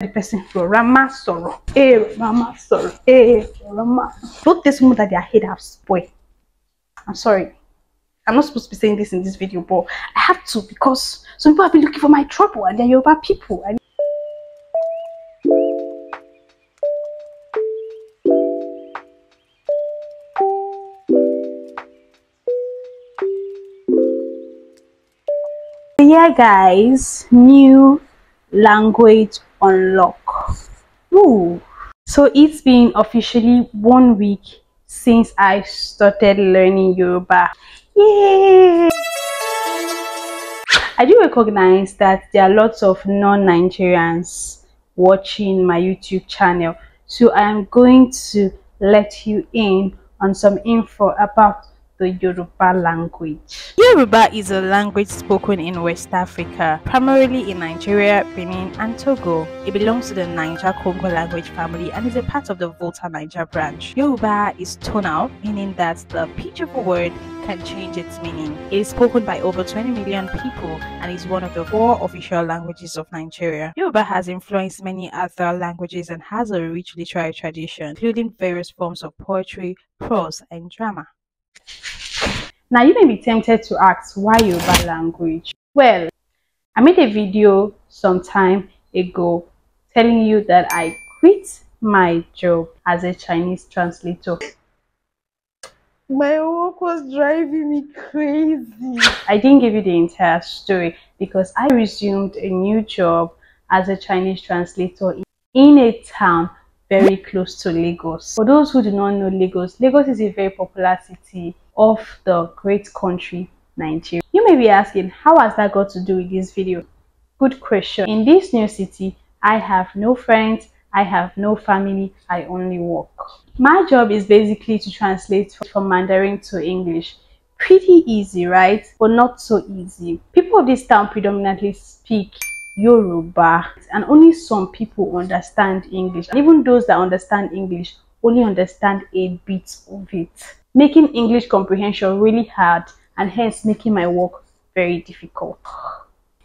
the person Rora ma sorrow, eh, Rora sorrow, eh, Rora Both this woman that their head have spoiled. I'm sorry. I'm not supposed to be saying this in this video, but I have to because some people have been looking for my trouble and they're Yoruba people. And yeah guys new language unlock Ooh. so it's been officially one week since i started learning yoruba yay i do recognize that there are lots of non-nigerians watching my youtube channel so i am going to let you in on some info about the Yoruba language. Yoruba is a language spoken in West Africa, primarily in Nigeria, Benin, and Togo. It belongs to the Niger Congo language family and is a part of the Volta Niger branch. Yoruba is tonal, meaning that the pitch of a word can change its meaning. It is spoken by over 20 million people and is one of the four official languages of Nigeria. Yoruba has influenced many other languages and has a rich literary tradition, including various forms of poetry, prose, and drama. Now you may be tempted to ask why Yoruba language? Well, I made a video some time ago telling you that I quit my job as a Chinese translator. My work was driving me crazy. I didn't give you the entire story because I resumed a new job as a Chinese translator in a town very close to Lagos. For those who do not know Lagos, Lagos is a very popular city of the great country Nigeria. You may be asking, how has that got to do with this video? Good question. In this new city, I have no friends, I have no family, I only work. My job is basically to translate from Mandarin to English. Pretty easy, right? But not so easy. People of this town predominantly speak Yoruba and only some people understand English. And even those that understand English only understand a bit of it making English comprehension really hard and hence making my work very difficult.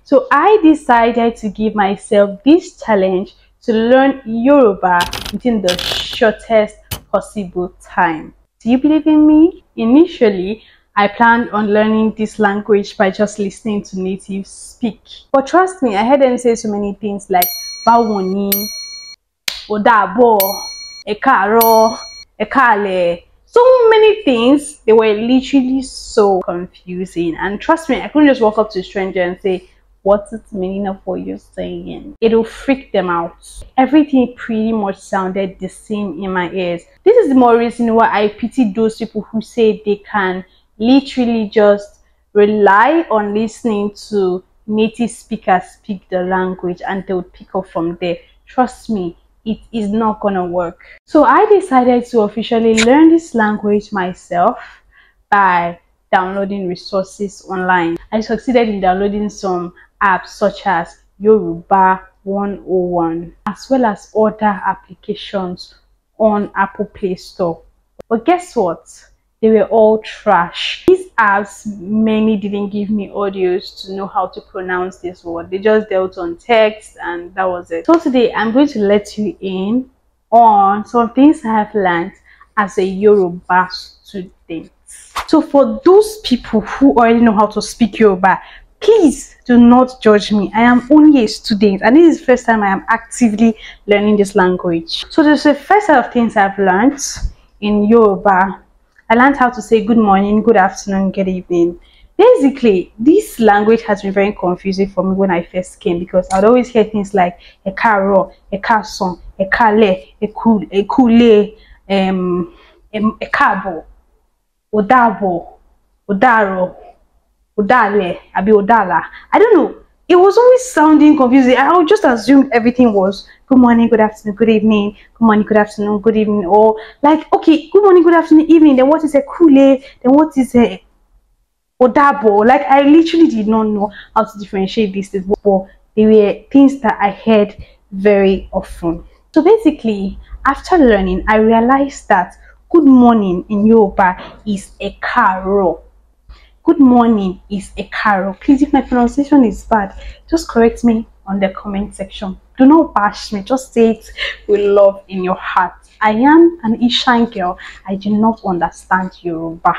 So I decided to give myself this challenge to learn Yoruba within the shortest possible time. Do you believe in me? Initially, I planned on learning this language by just listening to natives speak. But trust me, I heard them say so many things like báwo "odabo," "ekaro," "ekale." so many things they were literally so confusing and trust me i couldn't just walk up to a stranger and say what's it meaning of what you're saying it'll freak them out everything pretty much sounded the same in my ears this is the more reason why i pity those people who say they can literally just rely on listening to native speakers speak the language and they'll pick up from there trust me it is not gonna work. So I decided to officially learn this language myself by downloading resources online. I succeeded in downloading some apps such as Yoruba 101 as well as other applications on Apple Play Store. But guess what? They were all trash apps mainly didn't give me audios to know how to pronounce this word. They just dealt on text and that was it. So today I'm going to let you in on some things I have learned as a Yoruba student. So for those people who already know how to speak Yoruba, please do not judge me. I am only a student and this is the first time I am actively learning this language. So this is the first set of things I've learned in Yoruba I learned how to say good morning, good afternoon, good evening. Basically, this language has been very confusing for me when I first came because I'd always hear things like a caro, a carson, a kale, a cool, a kule, um, a cabo, odabo, odaro, odale, abi odala. I don't know. It was always sounding confusing. I would just assume everything was good morning, good afternoon, good evening, good morning, good afternoon, good evening, or like, okay, good morning, good afternoon, evening, then what is a kule, then what is a odabo, like, I literally did not know how to differentiate these things, but they were things that I heard very often. So basically, after learning, I realized that good morning in Yoruba is a caro. Good morning is a caro. Please, if my pronunciation is bad, just correct me on the comment section do not bash me just say it with love in your heart i am an ishan girl i do not understand yoruba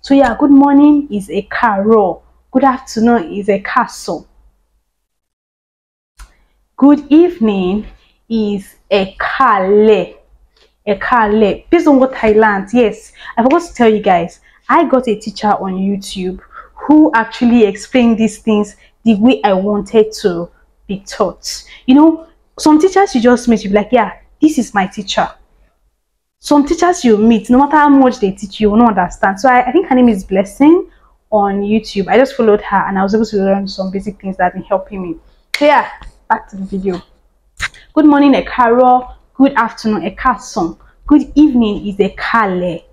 so yeah good morning is a karo good afternoon is a kaso good evening is a kale a kale please don't go thailand yes i forgot to tell you guys i got a teacher on youtube who actually explained these things the way i wanted to be taught. You know, some teachers you just meet, you be like, yeah, this is my teacher. Some teachers you meet, no matter how much they teach you, you will not understand. So I, I think her name is Blessing on YouTube. I just followed her and I was able to learn some basic things that have been helping me. So yeah, back to the video. Good morning, Ekaro. Good afternoon, Ekason. Good evening is Ekale.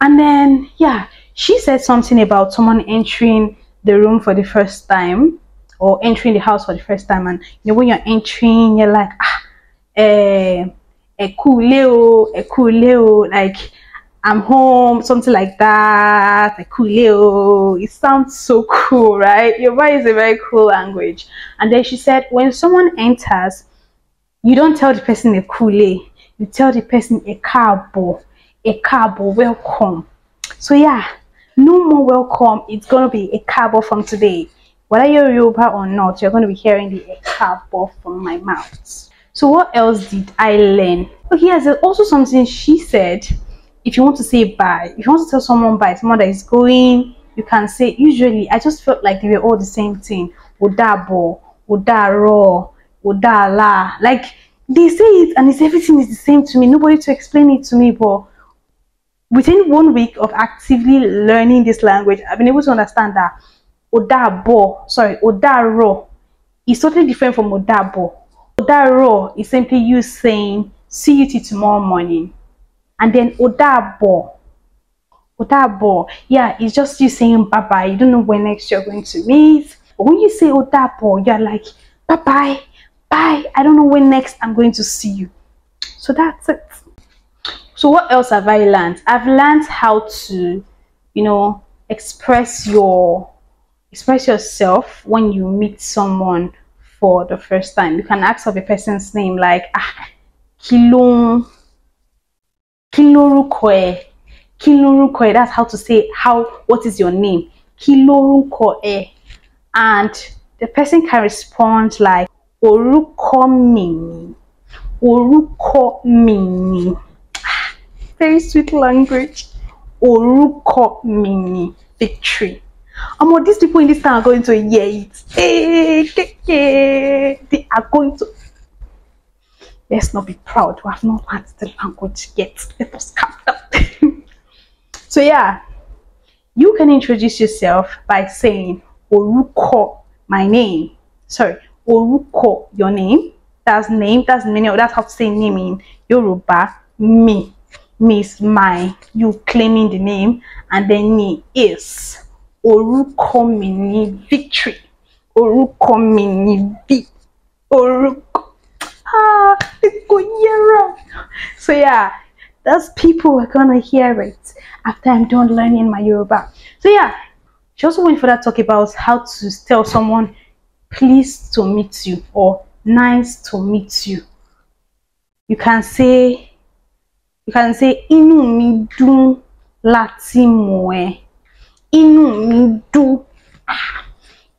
And then, yeah, she said something about someone entering the room for the first time or entering the house for the first time and you know when you're entering you're like ah eh, eh cool leo eh cool leo like i'm home something like that eh, cool leo it sounds so cool right yoruba is a very cool language and then she said when someone enters you don't tell the person a kule you tell the person a carbo a carbo welcome so yeah no more welcome it's gonna be a carbo from today whether you're Yoruba or not, you're going to be hearing the Ekabo from my mouth. So what else did I learn? Okay, oh, there's also something she said. If you want to say bye, if you want to tell someone bye, someone that is going, you can say. Usually, I just felt like they were all the same thing. Odabo, Odaro, Odala. Like they say it, and it's everything is the same to me. Nobody to explain it to me, but within one week of actively learning this language, I've been able to understand that Odabo, sorry, Odaro is totally different from Odabo. Odaro is simply you saying, see you tomorrow morning. And then Odabo, Odabo, yeah, it's just you saying bye-bye. You don't know when next you're going to meet. But when you say Odabo, you're like, bye-bye, bye. I don't know when next I'm going to see you. So that's it. So what else have I learned? I've learned how to, you know, express your express yourself when you meet someone for the first time. You can ask of a person's name like ah kilon kilorukwe That's how to say how what is your name kilorukwe, and the person can respond like oruko mini oruko ah, Very sweet language. Oruko victory. Um, well, these people in this town are going to hear it. Eh, they are going to. Let's not be proud. We have not learned the language yet. Let us calm down. so yeah, you can introduce yourself by saying Oruko, my name. Sorry, Oruko, your name. That's name. That's many. That's how to say name in Yoruba. Me, me is my. You claiming the name, and then me is orúkọ mi ni victory orúkọ mi ni v orúkọ ah kò yẹra so yeah those people are gonna hear it after I'm done learning my Yoruba so yeah she also went further talk about how to tell someone "Please to meet you or nice to meet you you can say you can say "Inu mi lati láti mọ̀ ẹ́. inú mi dùn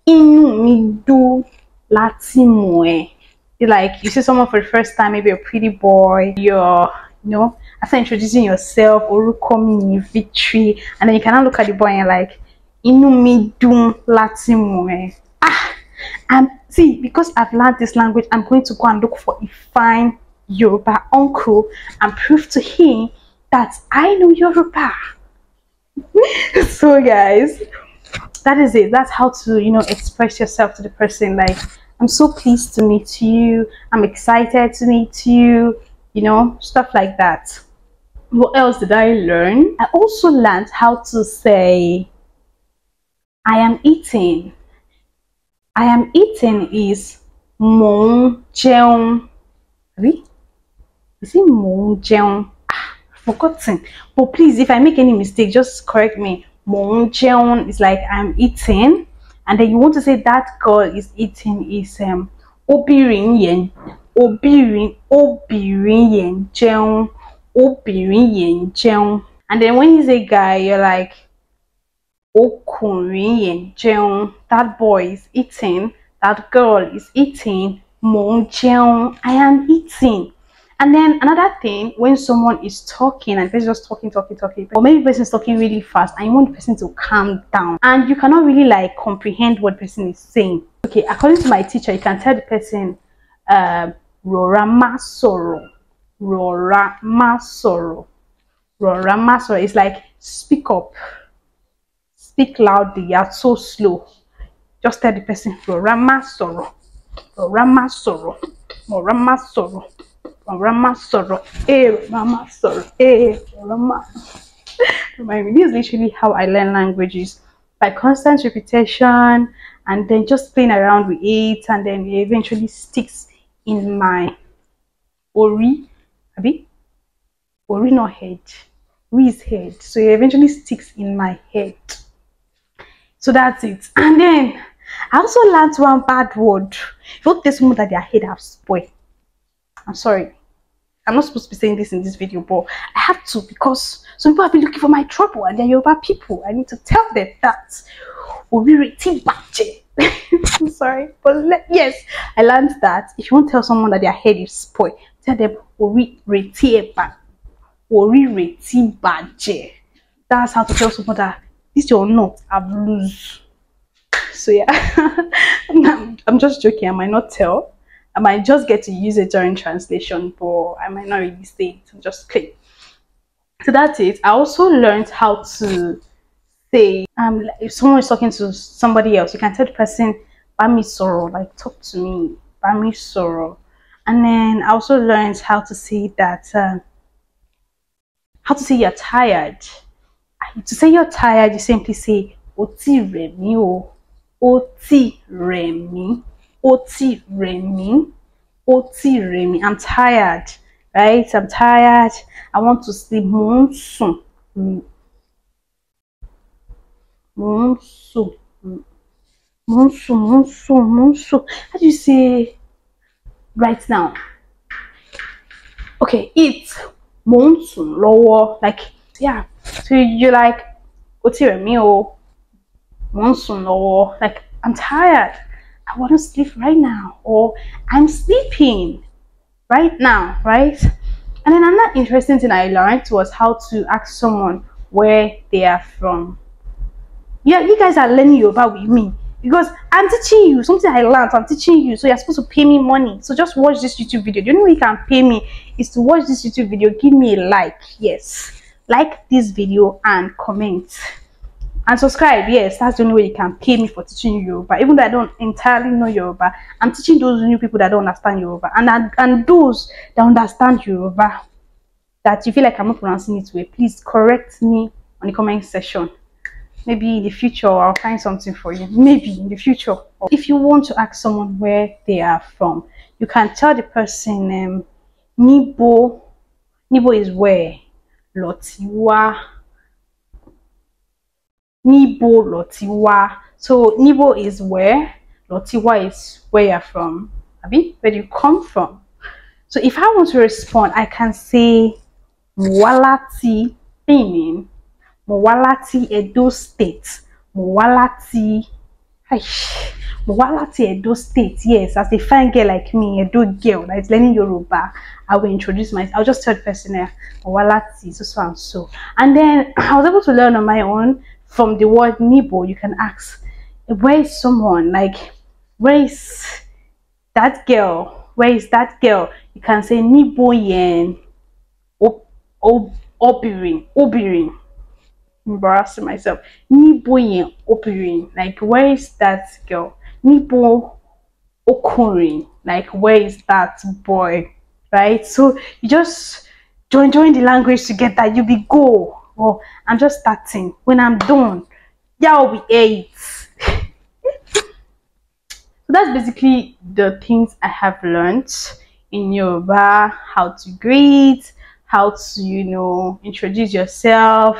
inú mi dùn láti ẹ́ like you see someone for the first time maybe a pretty boy you're you know after introducing yourself orúkọ mi ni victory and then you cannot look at the boy and like inú mi dùn láti mọ̀ ẹ́ ah and see because I've learned this language I'm going to go and look for a fine Yoruba uncle and prove to him that I know Yoruba. so guys that is it that's how to you know express yourself to the person like i'm so pleased to meet you i'm excited to meet you you know stuff like that what else did i learn i also learned how to say i am eating i am eating is mon jeon is it mon jeong"? but please if i make any mistake just correct me mo is like i'm eating and then you want to say that girl is eating is um obìnrin yẹn obirin obirin yẹn jẹun obirin yẹn jẹun and then when you say guy you're like obirin yẹn jẹun that boy is eating that girl is eating mo i am eating and then another thing, when someone is talking and person just talking, talking, talking, or maybe person is talking really fast and you want the person to calm down and you cannot really like comprehend what person is saying. Okay, according to my teacher, you can tell the person, uh, um, Roramasoro, Roramasoro." It's like, speak up. Speak loudly. You are so slow. Just tell the person, "Roramasoro, Roramasoro, Roramasoro." Masoro ọ̀rọ̀ má sọ̀rọ̀ ọ̀rọ̀ má sọ̀rọ̀ ọ̀rọ̀ má. This is literally how I learn languages by constant repetition and then just playing around with it and then it eventually sticks in my ori abi ori no head ori head so it eventually sticks in my head so that's it and then I also learned one bad word. If this one that their head have spoiled. I'm sorry. I'm not supposed to be saying this in this video, but I have to because some people have been looking for my trouble and they're Yoruba people. I need to tell them that. I'm sorry, but let, yes, I learned that if you want to tell someone that their head is spoiled, tell them That's how to tell someone that this your not, I've lose. So yeah, I'm just joking, I might not tell. I might just get to use it during translation, but I might not really say it. Just click. So that's it. I also learned how to say um if someone is talking to somebody else, you can tell the person Bami soro," like talk to me, Bami soro." And then I also learned how to say that uh, how to say you're tired. To say you're tired, you simply say Oti Remi o," Oti Remi Oti Remi. Oti Remi. I'm tired, right? I'm tired. I want to sleep. Monsoon. Monsoon. Monsoon. Monsoon. Monsoon. How do you say right now? Okay, it's monsoon lower. Like, yeah. So you like, Oti Remi or monsoon lower. Like, I'm tired. I want to sleep right now, or I'm sleeping right now, right? And then another interesting thing I learned was how to ask someone where they are from. Yeah, you guys are learning Yoruba with me because I'm teaching you something I learned. I'm teaching you, so you're supposed to pay me money. So just watch this YouTube video. The only way you can pay me is to watch this YouTube video. Give me a like, yes, like this video and comment and subscribe yes that's the only way you can pay me for teaching yoruba even though i don't entirely know yoruba i'm teaching those new people that don't understand yoruba and and those that understand yoruba that you feel like i'm not pronouncing it well please correct me on the comment section maybe in the future i'll find something for you maybe in the future if you want to ask someone where they are from you can tell the person um nibo nibo is where lotiwa Nibo Lotiwa. So Nibo is where, Lotiwa is where you're from, Abi, where you come from. So if I want to respond, I can say Mwalati Benin, Mwalati Edo State, Mwalati Mwalati Edo State, yes, as a fine girl like me, Edo girl that is learning Yoruba, I will introduce myself. I'll just tell the person here. Eh, Mwalati, so so and so. And then I was able to learn on my own from the word Nibo, you can ask, where is someone? Like, where is that girl? Where is that girl? You can say Nibo yen obirin, obirin. Embarrassing myself. Nibo yen obirin. Like, where is that girl? Nibo okunrin. Like, where is that boy? Right? So you just join join the language together. You be go before. I'm just starting. When I'm done, y'all will be eight. so that's basically the things I have learned in Yoruba, how to greet, how to, you know, introduce yourself.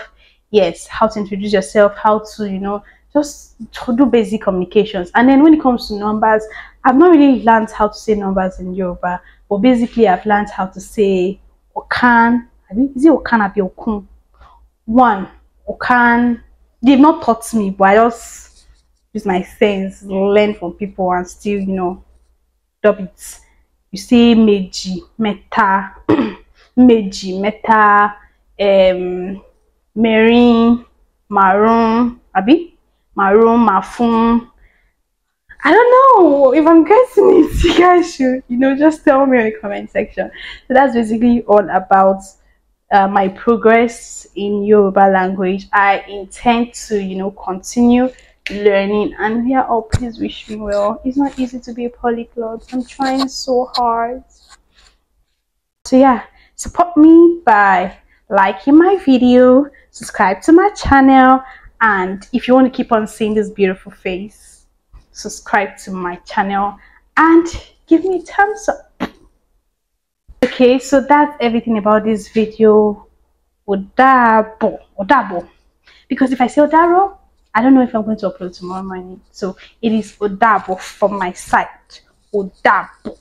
Yes, how to introduce yourself, how to, you know, just to do basic communications. And then when it comes to numbers, I've not really learned how to say numbers in Yoruba, but basically I've learned how to say Okan. I mean, is it Okan or Okun? one can they've not taught me but i just use my sense learn from people and still you know dub it you see meji meta meji meta um marine maroon abi maroon mafun I don't know if I'm getting it. You guys should, you know, just tell me in the comment section. So that's basically all about uh, my progress in Yoruba language. I intend to, you know, continue learning. And here, oh, please wish me well. It's not easy to be a polyglot. I'm trying so hard. So yeah, support me by liking my video, subscribe to my channel, and if you want to keep on seeing this beautiful face, subscribe to my channel and give me a thumbs up okay so that's everything about this video odabo odabo because if i say odaro i don't know if i'm going to upload tomorrow morning so it is odabo from my site. odabo